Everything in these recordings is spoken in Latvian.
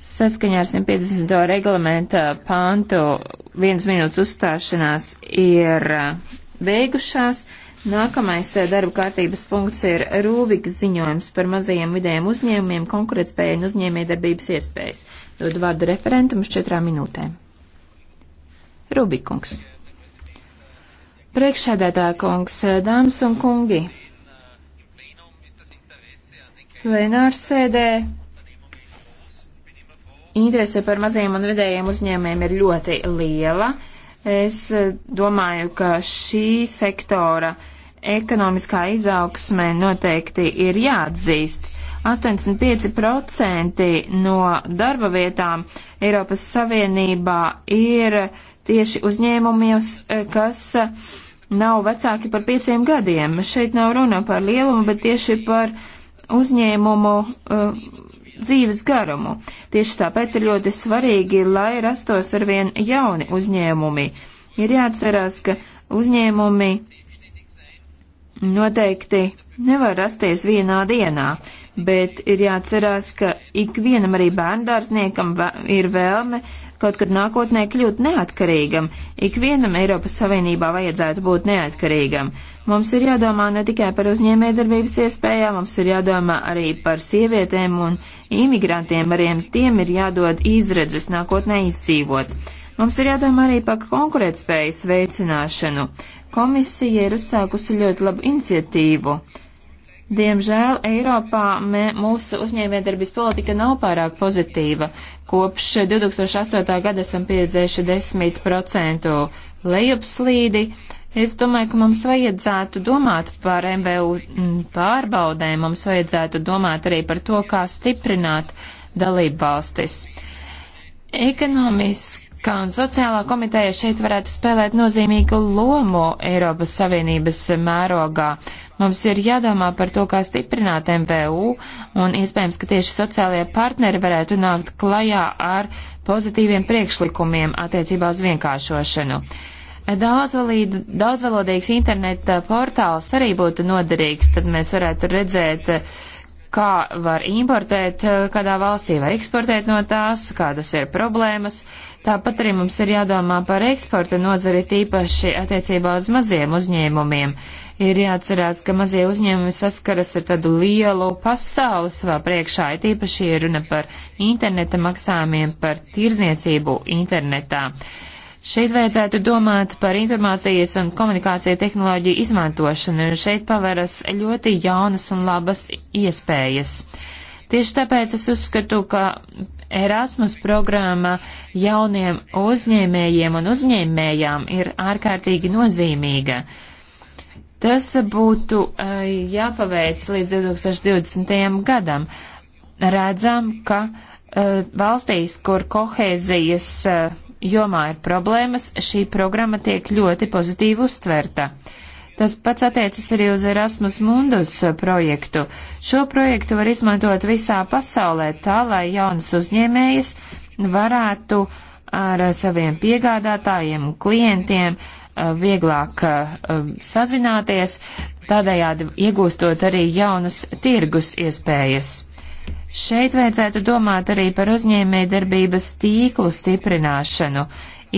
Saskaņā ar 150. reglamenta pāntu viens minūtes uzstāšanās ir uh, beigušās. Nākamais uh, darba kārtības punkts ir Rūvika ziņojums par mazajiem vidējiem uzņēmumiem, konkurētspēju un uzņēmējdarbības iespējas. Dod vārdu referentam uz četrām minūtēm. Rūbikungs. Priekšsēdētā kungs, uh, dāmas un kungi. Plenārsēdē interese par mazajiem un vidējiem uzņēmējiem ir ļoti liela. Es eh, domāju, ka šī sektora ekonomiskā izaugsme noteikti ir jāatzīst. 85% no darba vietām Eiropas Savienībā ir tieši uzņēmumies, eh, kas nav vecāki par pieciem gadiem. Šeit nav runa par lielumu, bet tieši par uzņēmumu uh, dzīves garumu. Tieši tāpēc ir ļoti svarīgi, lai rastos arvien jauni uzņēmumi. Ir jāatcerās, ka uzņēmumi noteikti nevar rasties vienā dienā, bet ir jāatcerās, ka ikvienam arī bērndārzniekam ir vēlme kaut kad nākotnē kļūt neatkarīgam. Ikvienam Eiropas Savienībā vajadzētu būt neatkarīgam. Mums ir jādomā ne tikai par uzņēmējdarbības iespējām, mums ir jādomā arī par sievietēm un imigrantiem, ariem tiem ir jādod izredzes nākotnē izdzīvot. Mums ir jādomā arī par konkurētspējas veicināšanu. Komisija ir uzsākusi ļoti labu iniciatīvu. Diemžēl Eiropā mē, mūsu uzņēmējdarbības politika nav pārāk pozitīva. Kopš 2008. gada esam pieredzējuši 10% lejupslīdi, Es domāju, ka mums vajadzētu domāt par MVU mm, pārbaudēm, mums vajadzētu domāt arī par to, kā stiprināt dalību valstis. Ekonomiskā un sociālā komiteja šeit varētu spēlēt nozīmīgu lomu Eiropas Savienības mērogā. Mums ir jādomā par to, kā stiprināt MVU, un iespējams, ka tieši sociālajie partneri varētu nākt klajā ar pozitīviem priekšlikumiem attiecībā uz vienkāršošanu. Daudzvalīdu, daudzvalodīgs interneta eh, portāls arī būtu noderīgs, tad mēs varētu redzēt, eh, kā var importēt eh, kādā valstī vai eksportēt no tās, kādas ir problēmas. Tāpat arī mums ir jādomā par eksporta nozari tīpaši attiecībā uz maziem uzņēmumiem. Ir jāatcerās, ka mazie uzņēmumi saskaras ar tādu lielu pasauli savā priekšā, ir tīpaši ir runa par interneta maksājumiem, par tirzniecību internetā. Uh, Šeit vajadzētu domāt par informācijas un komunikācija tehnoloģiju izmantošanu, un šeit paveras ļoti jaunas un labas iespējas. Tieši tāpēc es uzskatu, ka Erasmus programma jauniem uzņēmējiem un uzņēmējām ir ārkārtīgi nozīmīga. Tas būtu eh, jāpaveic līdz 2020. gadam. Redzam, ka eh, valstīs, kur kohēzijas eh, jomā ir problēmas, šī programma tiek ļoti pozitīvi uztverta. Tas pats attiecas arī uz Erasmus Mundus projektu. Šo projektu var izmantot visā pasaulē tā, lai jaunas uzņēmējas varētu ar saviem piegādātājiem, klientiem eh, vieglāk eh, sazināties, tādējādi iegūstot arī jaunas tirgus iespējas. Šeit vajadzētu domāt arī par uzņēmējdarbības tīklu stiprināšanu.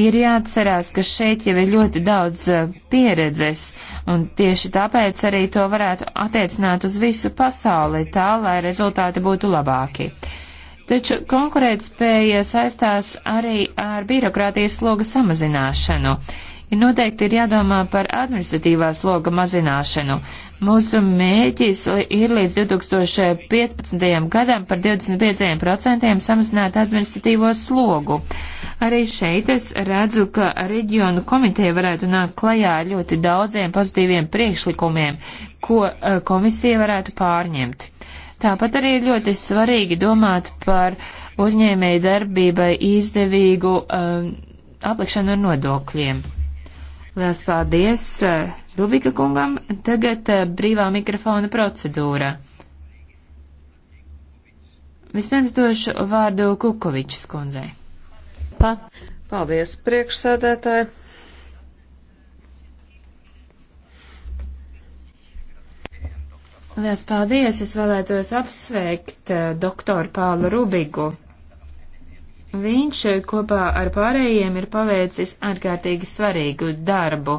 Ir jāatcerās, ka šeit jau ir ļoti daudz eh, pieredzes, un tieši tāpēc arī to varētu attiecināt uz visu pasauli tā, lai rezultāti būtu labāki. Taču konkurētspēja saistās arī ar birokrātijas sloga samazināšanu. Uh, ir noteikti ir jādomā par administratīvās loga mazināšanu. Mūsu mēķis ir līdz 2015. gadam par 25% samazināt administratīvo slogu. Arī šeit es redzu, ka reģionu komiteja varētu nākt klajā ar ļoti daudziem pozitīviem priekšlikumiem, ko eh, komisija varētu pārņemt. Tāpat arī ir ļoti svarīgi domāt par uzņēmēju darbībai izdevīgu um, aplikšanu ar nodokļiem. Lielas paldies Rubika eh, kungam. Tagad eh, brīvā mikrofona procedūra. Vispirms došu vārdu Kukovičs kundzei. Pa. Paldies, priekšsēdētāji. Lielas paldies! Es vēlētos apsveikt uh, doktoru Pālu Rubigu Viņš eh, kopā ar pārējiem ir paveicis ārkārtīgi svarīgu darbu.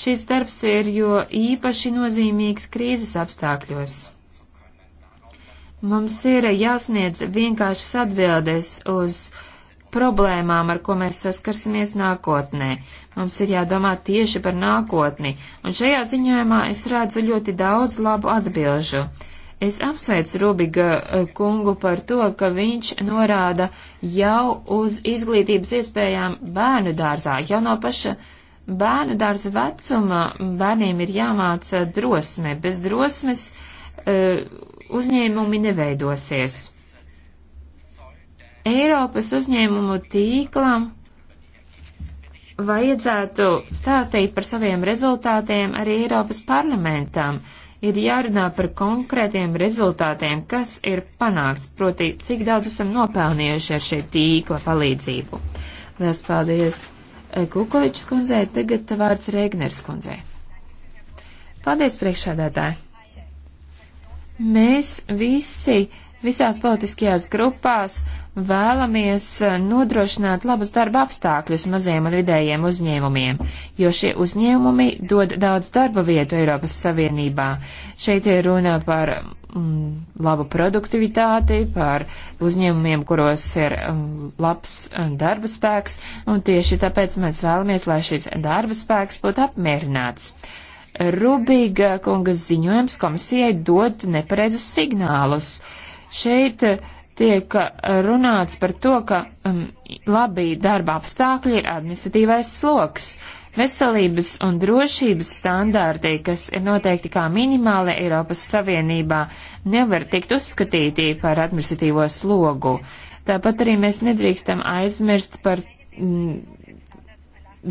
Šis darbs ir jo īpaši nozīmīgs krīzes apstākļos. Mums ir jāsniedz vienkāršas atbildes uz problēmām, ar ko mēs saskarsimies nākotnē. Mums ir jādomā tieši par nākotni, un šajā ziņojumā es redzu ļoti daudz labu atbilžu. Es apsveicu Rubiga eh, kungu par to, ka viņš norāda jau uz izglītības iespējām bērnu dārzā. Jau no paša bērnu dārza vecuma bērniem ir jāmāca drosme. Bez drosmes eh, uzņēmumi neveidosies. Eiropas uzņēmumu tīklam vajadzētu stāstīt par saviem rezultātiem arī Eiropas parlamentam. Uh, ir jārunā par konkrētiem rezultātiem, kas ir panākts, proti, cik daudz esam nopelnījuši ar šī tīkla palīdzību. Lielas paldies eh, Kukovičs kundzei, tagad vārds Regners kundzei. Paldies priekšādātāji! Mēs visi, visās politiskajās grupās, uh, vēlamies eh, nodrošināt labus darba apstākļus maziem un vidējiem uzņēmumiem, jo šie uzņēmumi dod daudz darba vietu Eiropas Savienībā. Šeit ir runa par mm, labu produktivitāti, par uzņēmumiem, kuros ir mm, labs eh, darba spēks, un tieši tāpēc mēs vēlamies, lai šis darba spēks būtu apmierināts. Rubīga kungas ziņojums komisijai dod nepareizus signālus. Šeit uh, tiek uh, runāts par to, ka um, labi darba apstākļi ir administratīvais sloks. Veselības un drošības standārti, kas ir noteikti kā minimāli Eiropas Savienībā, nevar tikt uzskatīti par administratīvo slogu. Tāpat arī mēs nedrīkstam aizmirst par mm,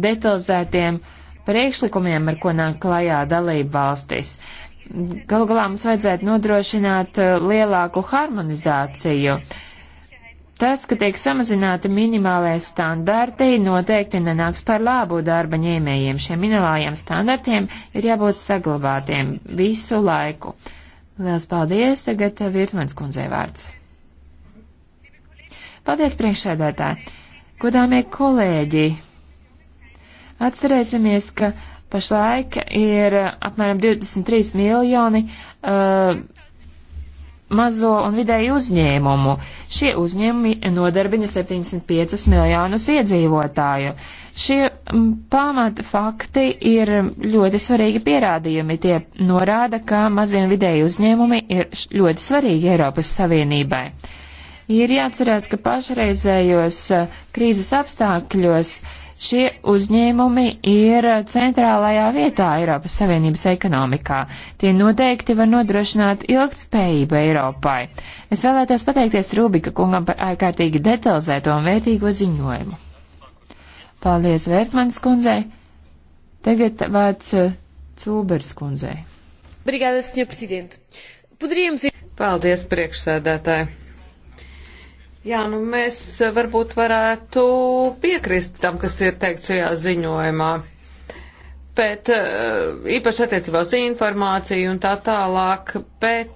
detalizētiem priekšlikumiem, ar ko nāk klajā dalība valstis. Uh, Galu galā mums vajadzētu nodrošināt uh, lielāku harmonizāciju. Tas, ka tiek samazināti minimālie standarti, noteikti nenāks par labu darba ņēmējiem. Šiem minimālajiem standartiem ir jābūt saglabātiem visu laiku. Lielas paldies, tagad uh, Virtmens kundzei vārds. Paldies, priekšsēdētāji! Godāmie kolēģi! Atcerēsimies, ka Pašlaik ir apmēram 23 miljoni uh, mazo un vidēju uzņēmumu. Šie uzņēmumi nodarbina 75 miljonus iedzīvotāju. Šie pamata fakti ir ļoti svarīgi pierādījumi. Tie norāda, ka mazie un vidēji uzņēmumi ir ļoti svarīgi Eiropas Savienībai. Ir jāatcerās, ka pašreizējos uh, krīzes apstākļos uh, Šie uzņēmumi ir centrālajā vietā Eiropas Savienības ekonomikā. Tie noteikti var nodrošināt ilgtspējību Eiropai. Es vēlētos pateikties Rūbika kungam par ārkārtīgi detalizēto un vērtīgo ziņojumu. Paldies Vērtmanas kundzei. Tagad vārds eh, Cūbers kundzei. Brigādes, Paldies, priekšsēdētāji. Jā, nu mēs eh, varbūt varētu piekrist tam, kas ir teikt šajā ziņojumā. Bet eh, īpaši attiecībā uz informāciju un tā tālāk, bet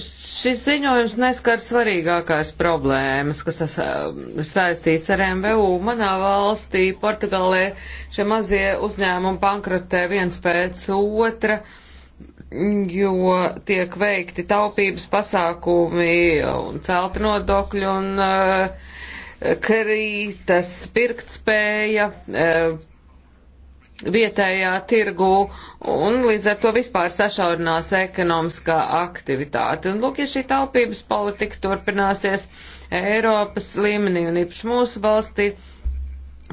Šis ziņojums neskar svarīgākās problēmas, kas eh, saistīts ar MVU. Manā valstī, Portugālē, šie mazie uzņēmumi bankrotē viens pēc otra, jo tiek veikti taupības pasākumi un celta nodokļi un uh, krītas pirktspēja uh, vietējā tirgū un līdz ar to vispār sašaurinās ekonomiskā aktivitāte. Un lūk, ja šī taupības politika turpināsies Eiropas līmenī un īpaši mūsu valstī, uh,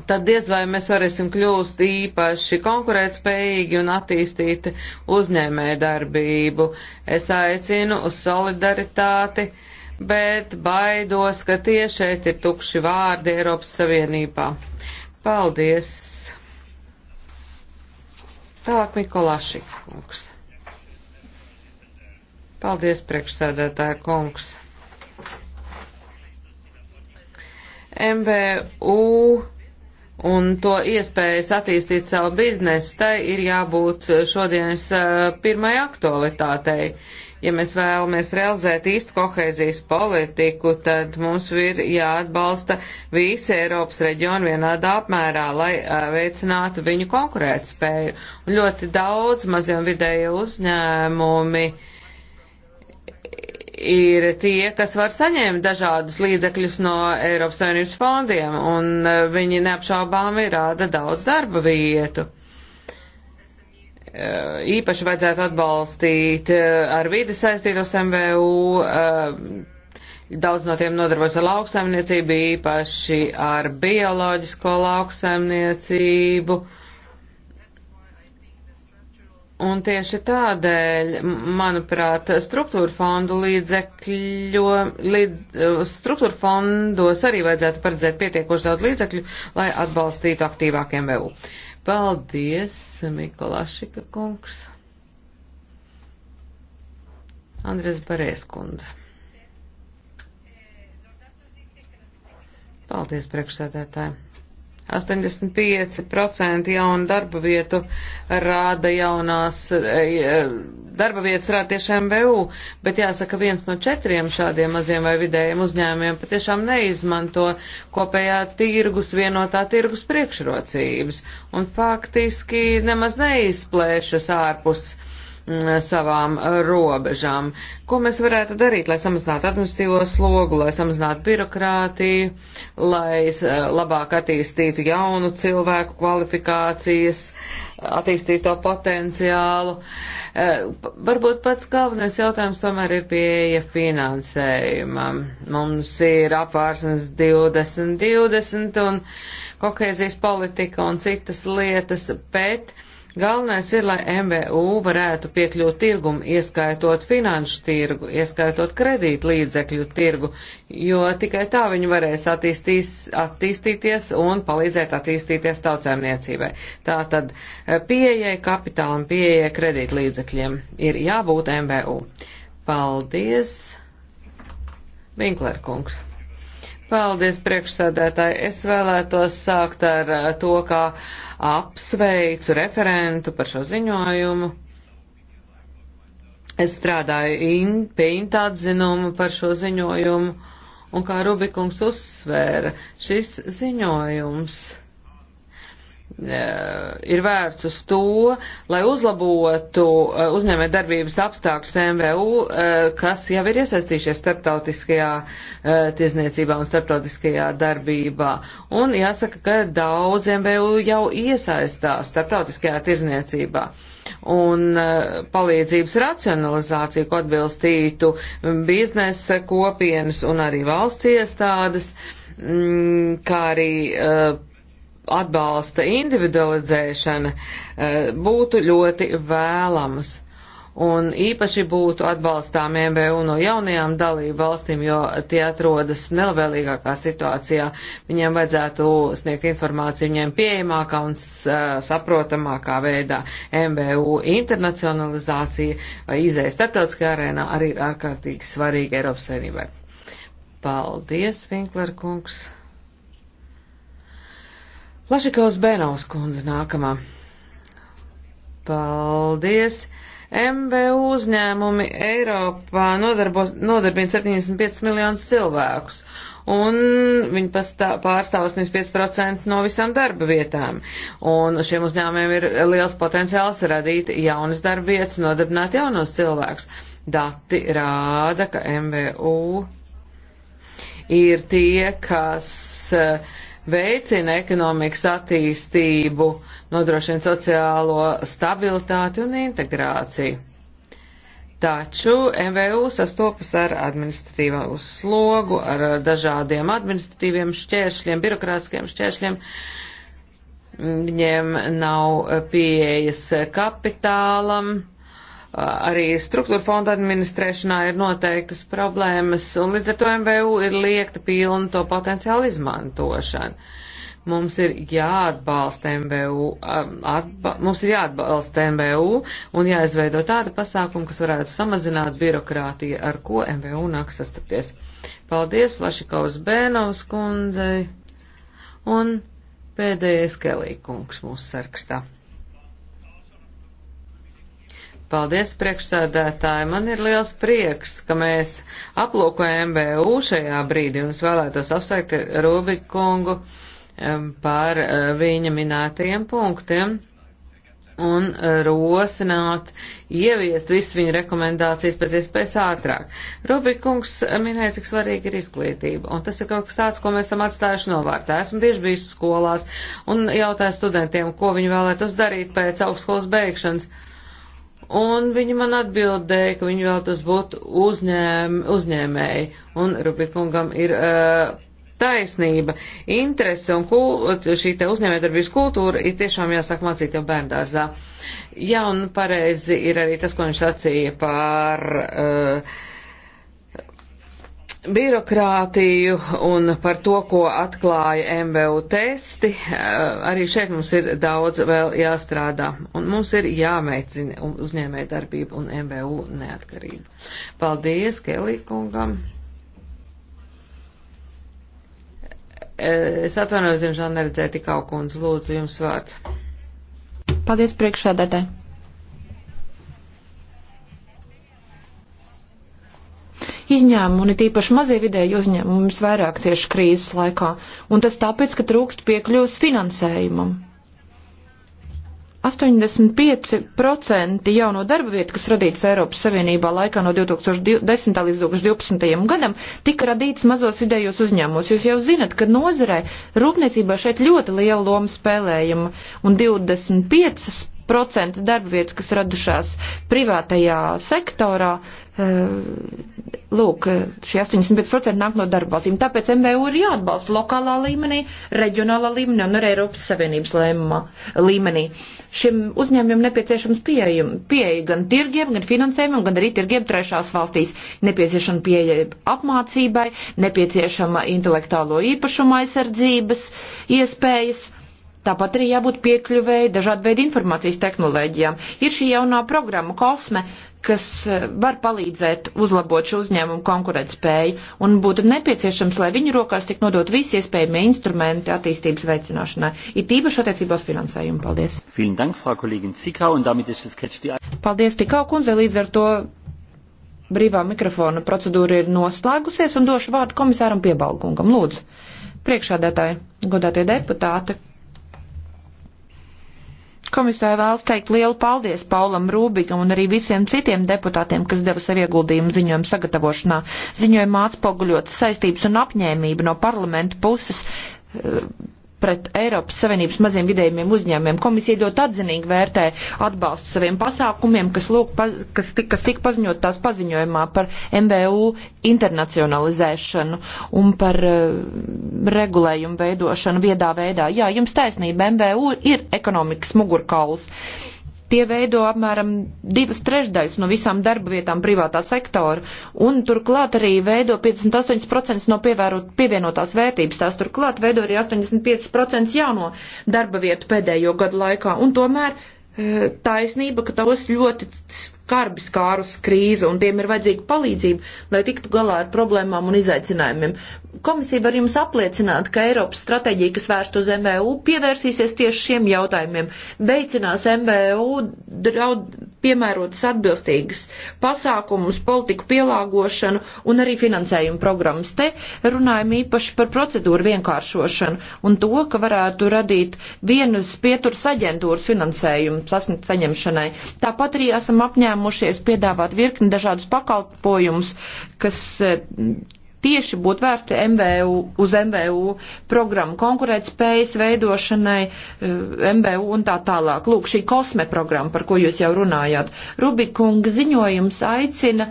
tad diez vai mēs varēsim kļūst īpaši konkurētspējīgi un attīstīt uzņēmēju darbību. Es aicinu uz solidaritāti, bet baidos, ka tie šeit ir tukši vārdi Eiropas Savienībā. Paldies! Tālāk Mikolašik kungs. Paldies, priekšsēdētāja kungs. MBU un to iespējas attīstīt savu biznesu, tai ir jābūt šodienas eh, pirmai aktualitātei. Ja mēs vēlamies realizēt īstu kohēzijas politiku, tad mums ir jāatbalsta visi Eiropas reģioni vienādā apmērā, lai eh, veicinātu viņu konkurētspēju. Un ļoti daudz maziem vidēju uzņēmumi uh, ir tie, kas var saņemt dažādus līdzekļus no Eiropas Savienības fondiem, un eh, viņi neapšaubāmi rāda daudz darba vietu. Eh, īpaši vajadzētu atbalstīt eh, ar vidi saistītos MVU, daudz no tiem nodarbojas ar lauksaimniecību, īpaši ar bioloģisko lauksaimniecību Un tieši tādēļ, manuprāt, struktūra fondu līdzekļo, līdz, eh, struktūra fondos arī vajadzētu paredzēt pietiekoši daudz līdzekļu, lai atbalstītu aktīvākiem VU. Paldies, Mikolašika kungs. Andres Barēs kundze. Paldies, priekšsēdētāji. 85% jaunu darba vietu rāda jaunās, darba vietas rāda tiešām VU, bet jāsaka, viens no četriem šādiem maziem vai vidējiem uzņēmumiem patiešām neizmanto kopējā tirgus, vienotā tirgus priekšrocības un faktiski nemaz neizplēšas ārpus Mm, savām robežām. Ko mēs varētu darīt, lai samazinātu administīvo slogu, lai samazinātu birokrātiju, lai eh, labāk attīstītu jaunu cilvēku kvalifikācijas, attīstīto potenciālu? Eh, varbūt pats galvenais jautājums tomēr ir pieeja finansējumam. Mums ir apvārsnes 2020 un kohēzijas politika un citas lietas, bet Galvenais ir, lai MVU varētu piekļūt tirgumu, ieskaitot finanšu tirgu, ieskaitot kredīt līdzekļu tirgu, jo tikai tā viņi varēs attīstīties un palīdzēt attīstīties tautsēmniecībai. Tātad eh, pieejai kapitālam, pieejai kredīt līdzekļiem ir jābūt MVU. Paldies, Vinklerkungs. Paldies, priekšsēdētāji. Es vēlētos sākt ar eh, to, kā apsveicu referentu par šo ziņojumu. Es strādāju in, pie intā atzinumu par šo ziņojumu, un kā Rubikungs uzsvēra, šis ziņojums Eh, ir vērts uz to, lai uzlabotu eh, uzņēmē darbības apstākļus MVU, eh, kas jau ir iesaistījušies starptautiskajā tirzniecībā un starptautiskajā darbībā. Un jāsaka, ka daudz MVU jau iesaistās starptautiskajā tirzniecībā. Un palīdzības racionalizācija, ko atbilstītu biznesa kopienas un arī valsts iestādes, mm, kā arī uh, atbalsta individualizēšana eh, būtu ļoti vēlamas. Un īpaši būtu atbalstām MBU no jaunajām dalību valstīm, jo tie atrodas nelabvēlīgākā situācijā. Viņiem vajadzētu sniegt informāciju viņiem pieejamākā un eh, saprotamākā veidā. MBU internacionalizācija vai eh, izēja starptautiskajā arēnā arī ir ārkārtīgi svarīga Eiropas savinībai. Paldies, Vinkler kungs! Lašikovs Benovs kundze nākamā. Paldies! MBU uzņēmumi Eiropā nodarbina 75 miljonus cilvēkus, un viņi pārstāv 85% no visām darba vietām. Un šiem uzņēmumiem ir liels potenciāls radīt jaunas darba vietas, nodarbināt jaunos cilvēkus. Dati rāda, ka MBU ir tie, kas uh, veicina ekonomikas attīstību, nodrošina sociālo stabilitāti un integrāciju. Taču MVU sastopas ar administratīvu slogu, ar dažādiem administratīviem šķēršļiem, birokrātiskiem šķēršļiem. Viņiem nav pieejas kapitālam, arī struktūra fonda administrēšanā ir noteiktas problēmas, un līdz ar to MVU ir liekta pilna to potenciālu izmantošana. Mums ir jāatbalsta MVU, um, atba, mums ir jāatbalsta MVU un jāizveido tāda pasākuma, kas varētu samazināt birokrātiju, ar ko MVU nāk sastapties. Paldies Flašikovs Bēnovs kundzei un pēdējais Kelī kungs mūsu sarkstā. Paldies, priekšsēdētāji. Man ir liels prieks, ka mēs aplūkojam MBU šajā brīdī un es vēlētos apsveikt Rubikungu par eh, viņa minētajiem punktiem un eh, rosināt, ieviest visas viņa rekomendācijas pēc iespējas ātrāk. Rubikungs minēja, cik svarīgi ir izglītība, un tas ir kaut kas tāds, ko mēs esam atstājuši novārtā. Esmu bieži bijis skolās un jautāju studentiem, ko viņi vēlētos darīt pēc augstskolas beigšanas. Un viņi man atbildēja, ka viņi vēlētos būt uzņēm, uzņēmēji, un Rubikungam ir uh, taisnība. Interese un kul, šī te uzņēmējdarbības kultūra ir tiešām jāsāk mācīt jau bērndārzā. Jā, un pareizi ir arī tas, ko viņš sacīja par uh, birokrātiju un par to, ko atklāja MVU testi, eh, arī šeit mums ir daudz vēl jāstrādā. Un mums ir jāmeicina uzņēmē darbību un MVU neatkarību. Paldies Kelī kungam. Eh, es atvainojos, diemžēl neredzēju tik augundz. Lūdzu, jums vārds. Paldies priekšādātāji. Izņēmumi, un it īpaši mazie vidēji uzņēmumi, vairāk cieši krīzes laikā, un tas tāpēc, ka trūkst piekļuvs finansējumam. 85% jauno darba vietu, kas radīts Eiropas Savienībā laikā no 2010. līdz 2012. gadam, tika radīts mazos vidējos uzņēmumos. Jūs jau zinat, ka nozarē rūpniecībā šeit ļoti liela loma spēlējama un 25% darba vietas, kas radušās privātajā sektorā, Eh, lūk, šie 85% nāk no darba valstīm. Tāpēc MVU ir jāatbalsta lokālā līmenī, reģionālā līmenī un arī Eiropas Savienības lēmumā, līmenī. Šim uzņēmumam nepieciešams pieeja, pieeja gan tirgiem, gan finansējumam, gan arī tirgiem trešās valstīs. Nepieciešama pieeja apmācībai, nepieciešama intelektuālo īpašumu aizsardzības iespējas Tāpat arī jābūt piekļuvēji dažādu veidu informācijas tehnoloģijām. Ir šī jaunā programma Kosme, kas eh, var palīdzēt uzlabot šo uzņēmumu konkurētspēju, un būtu nepieciešams, lai viņu rokās tik nodot visi iespējamie instrumenti attīstības veicināšanai, it īpaši attiecībā uz finansējumu. Paldies! Paldies, Tikau kundze, līdz ar to brīvā mikrofona procedūra ir noslēgusies, un došu vārdu komisāram Piebalkungam. Lūdzu, priekšādētāji, godātie deputāti! komisāri vēlas teikt lielu paldies Paulam Rūbigam un arī visiem citiem deputātiem, kas deva savu ieguldījumu ziņojumu sagatavošanā. Ziņojumā atspoguļotas saistības un apņēmība no parlamenta puses eh, pret Eiropas Savienības maziem vidējumiem uzņēmumiem. Komisija ļoti atzinīgi vērtē atbalstu saviem pasākumiem, kas, lūk, pa, kas, tik, kas tika paziņot tās paziņojumā par MVU internacionalizēšanu un par uh, regulējumu veidošanu viedā veidā. Jā, jums taisnība, MVU ir ekonomikas mugurkauls. Uh, Tie veido apmēram divas trešdaļas no visām darba vietām privātā sektora, un turklāt arī veido 58% no pievērot, pievienotās vērtības. Tās turklāt veido arī 85% jauno darba vietu pēdējo gadu laikā, un tomēr eh, taisnība, ka tos ļoti skarbi skārus krīze, un tiem ir vajadzīga palīdzība, lai tiktu galā ar problēmām un izaicinājumiem. Komisija var jums apliecināt, ka Eiropas stratēģija, kas vērst uz MVU, pievērsīsies tieši šiem jautājumiem, veicinās MVU draud, piemērotas atbilstīgas pasākumus, politiku pielāgošanu un arī finansējumu programmas. Te runājam īpaši par procedūru vienkāršošanu un to, ka varētu radīt vienas pieturas aģentūras finansējumu saņemšanai. Tāpat arī esam apņēmuši uzņēmušies piedāvāt virkni dažādus pakalpojumus, kas eh, tieši būtu vērsti MVU, uz MVU programmu konkurētspējas veidošanai, eh, MVU un tā tālāk. Lūk, šī kosme programma, par ko jūs jau runājāt. Rubikunga ziņojums aicina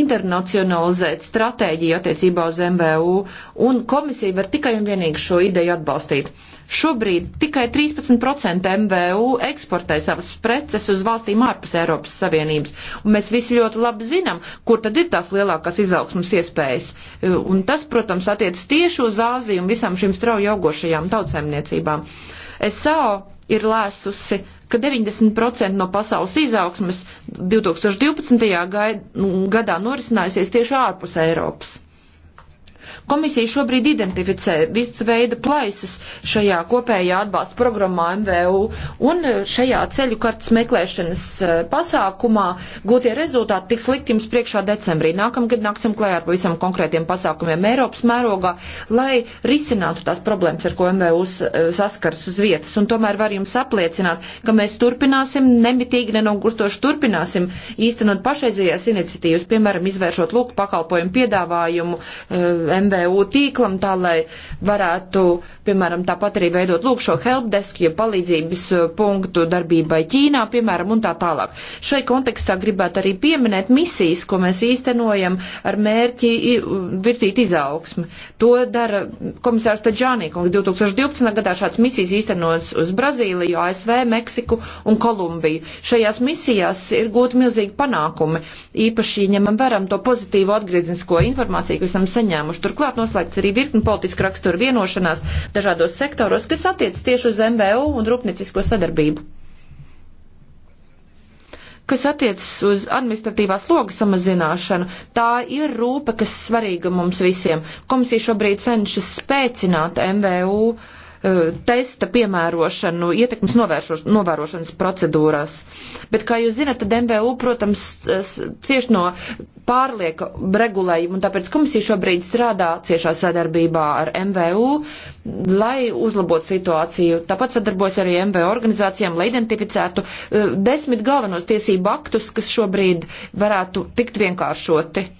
internacionalizēt stratēģiju attiecībā uz MVU, un komisija var tikai un vienīgi šo ideju atbalstīt. Šobrīd tikai 13% MVU eksportē savas preces uz valstīm ārpus Eiropas Savienības, un mēs visi ļoti labi zinām, kur tad ir tās lielākās izaugsmas iespējas. Un tas, protams, attiec tieši uz Āziju un visām šīm strauji augošajām tautsēmniecībām. SAO ir lēsusi ka 90% no pasaules izaugsmes 2012. gadā norisinājusies tieši ārpus Eiropas. Komisija šobrīd identificē visu veidu plaisas šajā kopējā atbalsta programmā MVU un e, šajā ceļu kartas meklēšanas e, pasākumā gūtie rezultāti tiks likt jums priekšā decembrī. Nākamgad nāksim klējā ar pavisam konkrētiem pasākumiem Eiropas mērogā, lai risinātu tās problēmas, ar ko MVU e, saskars uz vietas. Un tomēr var jums apliecināt, ka mēs turpināsim, nemitīgi, nenogurstoši turpināsim īstenot pašreizējās iniciatīvas, piemēram, izvēršot lūku pakalpojumu piedāvājumu MVU MVU tīklam, tā lai varētu, piemēram, tāpat arī veidot lūk šo helpdesk, ja palīdzības eh, punktu darbībai Ķīnā, piemēram, un tā tālāk. Šai kontekstā gribētu arī pieminēt misijas, ko mēs īstenojam ar mērķi virzīt izaugsmi. To dara komisārs Taģānī, un 2012. gadā šāds misijas īstenots uz Brazīliju, ASV, Meksiku un Kolumbiju. Šajās misijās ir gūti milzīgi panākumi, īpaši ņemam varam to pozitīvu atgrieznisko informāciju, ko esam saņēmuši. Turklāt Turklāt noslēgts arī virkni politiska rakstura vienošanās dažādos sektoros, kas attiec tieši uz MBU un rūpniecisko sadarbību. Kas attiecas uz administratīvās logas samazināšanu, tā ir rūpe, kas svarīga mums visiem. Komisija šobrīd cenšas spēcināt MVU uh, Eh, testa piemērošanu ietekmes novērošanas procedūrās. Bet, kā jūs zinat, tad MVU, protams, cieši no pārlieka regulējuma, un tāpēc komisija šobrīd strādā ciešā sadarbībā ar MVU, lai uzlabotu situāciju. Tāpat sadarbojas arī MVU organizācijām, lai identificētu eh, desmit galvenos tiesību aktus, kas šobrīd varētu tikt vienkāršoti.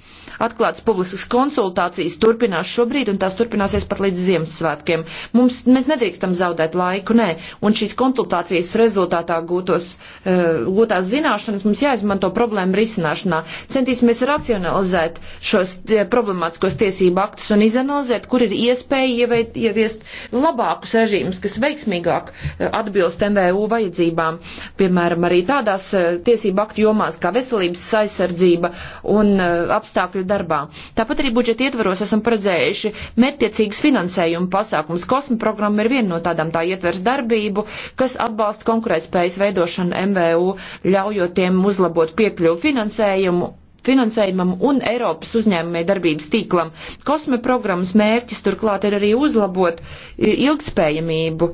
Atklāts publiskas konsultācijas turpinās šobrīd un tās turpināsies pat līdz Ziemassvētkiem. Mums, mēs nedrīkstam zaudēt laiku, nē, un šīs konsultācijas rezultātā gūtos, eh, gūtās zināšanas mums jāizmanto problēmu risināšanā. Centīsimies racionalizēt šos eh, problemātiskos tiesību aktus un izanalizēt, kur ir iespēja ieviest labākus režīmus, kas veiksmīgāk eh, atbilst MVU vajadzībām, piemēram, arī tādās tiesību aktu jomās kā veselības aizsardzība un apstākļu institūciju darbā. Tāpat arī budžeta ietvaros esam paredzējuši mērķtiecīgus finansējumu pasākums. Kosma programma ir viena no tādām tā ietvers darbību, kas atbalsta konkurētspējas veidošanu MVU, ļaujot tiem uzlabot piekļuvu finansējumu finansējumam un Eiropas uzņēmumiem darbības tīklam. Kosme programmas mērķis turklāt ir arī uzlabot ilgspējamību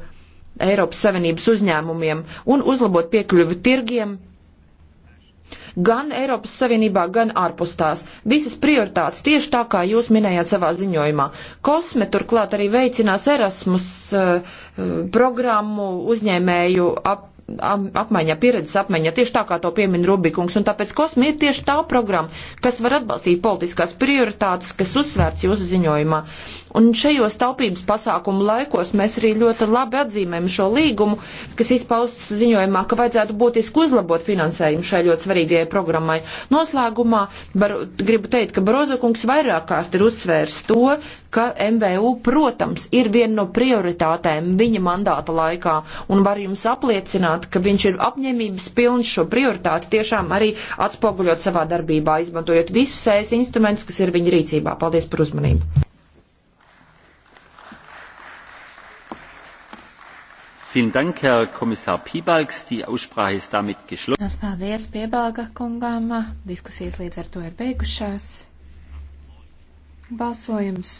Eiropas Savienības uzņēmumiem un uzlabot piekļuvi tirgiem gan Eiropas Savienībā, gan ārpus tās. Visas prioritātes tieši tā, kā jūs minējāt savā ziņojumā. Kosme turklāt arī veicinās Erasmus uh, programmu uzņēmēju ap apmaiņā, pieredzes apmaiņā, tieši tā kā to piemin Rubikungs. Un tāpēc kosmi ir tieši tā programma, kas var atbalstīt politiskās prioritātes, kas uzsvērts jūsu ziņojumā. Un šajos taupības pasākumu laikos mēs arī ļoti labi atzīmējam šo līgumu, kas izpausts ziņojumā, ka vajadzētu būtiski uzlabot finansējumu šai ļoti svarīgajai programmai. Noslēgumā var, gribu teikt, ka Brozokungs vairāk kārt ir uzsvērs to, ka MVU, protams, ir viena no prioritātēm viņa mandāta laikā, un var jums apliecināt, ka viņš ir apņēmības pilns šo prioritāti tiešām arī atspoguļot savā darbībā, izmantojot visus sēs instrumentus, kas ir viņa rīcībā. Paldies par uzmanību! Dank, Herr Kommissar Piebalgs. Die Aussprache ist damit geschlossen. Paldies Piebalga kungām. Diskusijas līdz ar to ir beigušās. Balsojums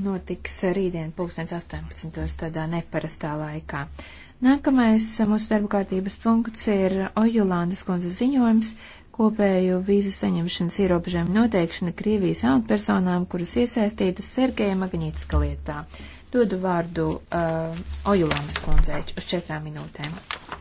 notiks rītdien pulkstens 18. tādā neparastā laikā. Nākamais mūsu darba kārtības punkts ir Ojulandas kundze ziņojums kopēju vīzu saņemšanas ierobežojumu noteikšana Krievijas amatpersonām, kuras iesaistītas Sergeja Magnītiska lietā. Dodu vārdu uh, Ojulandas kundzei uz četrām minūtēm.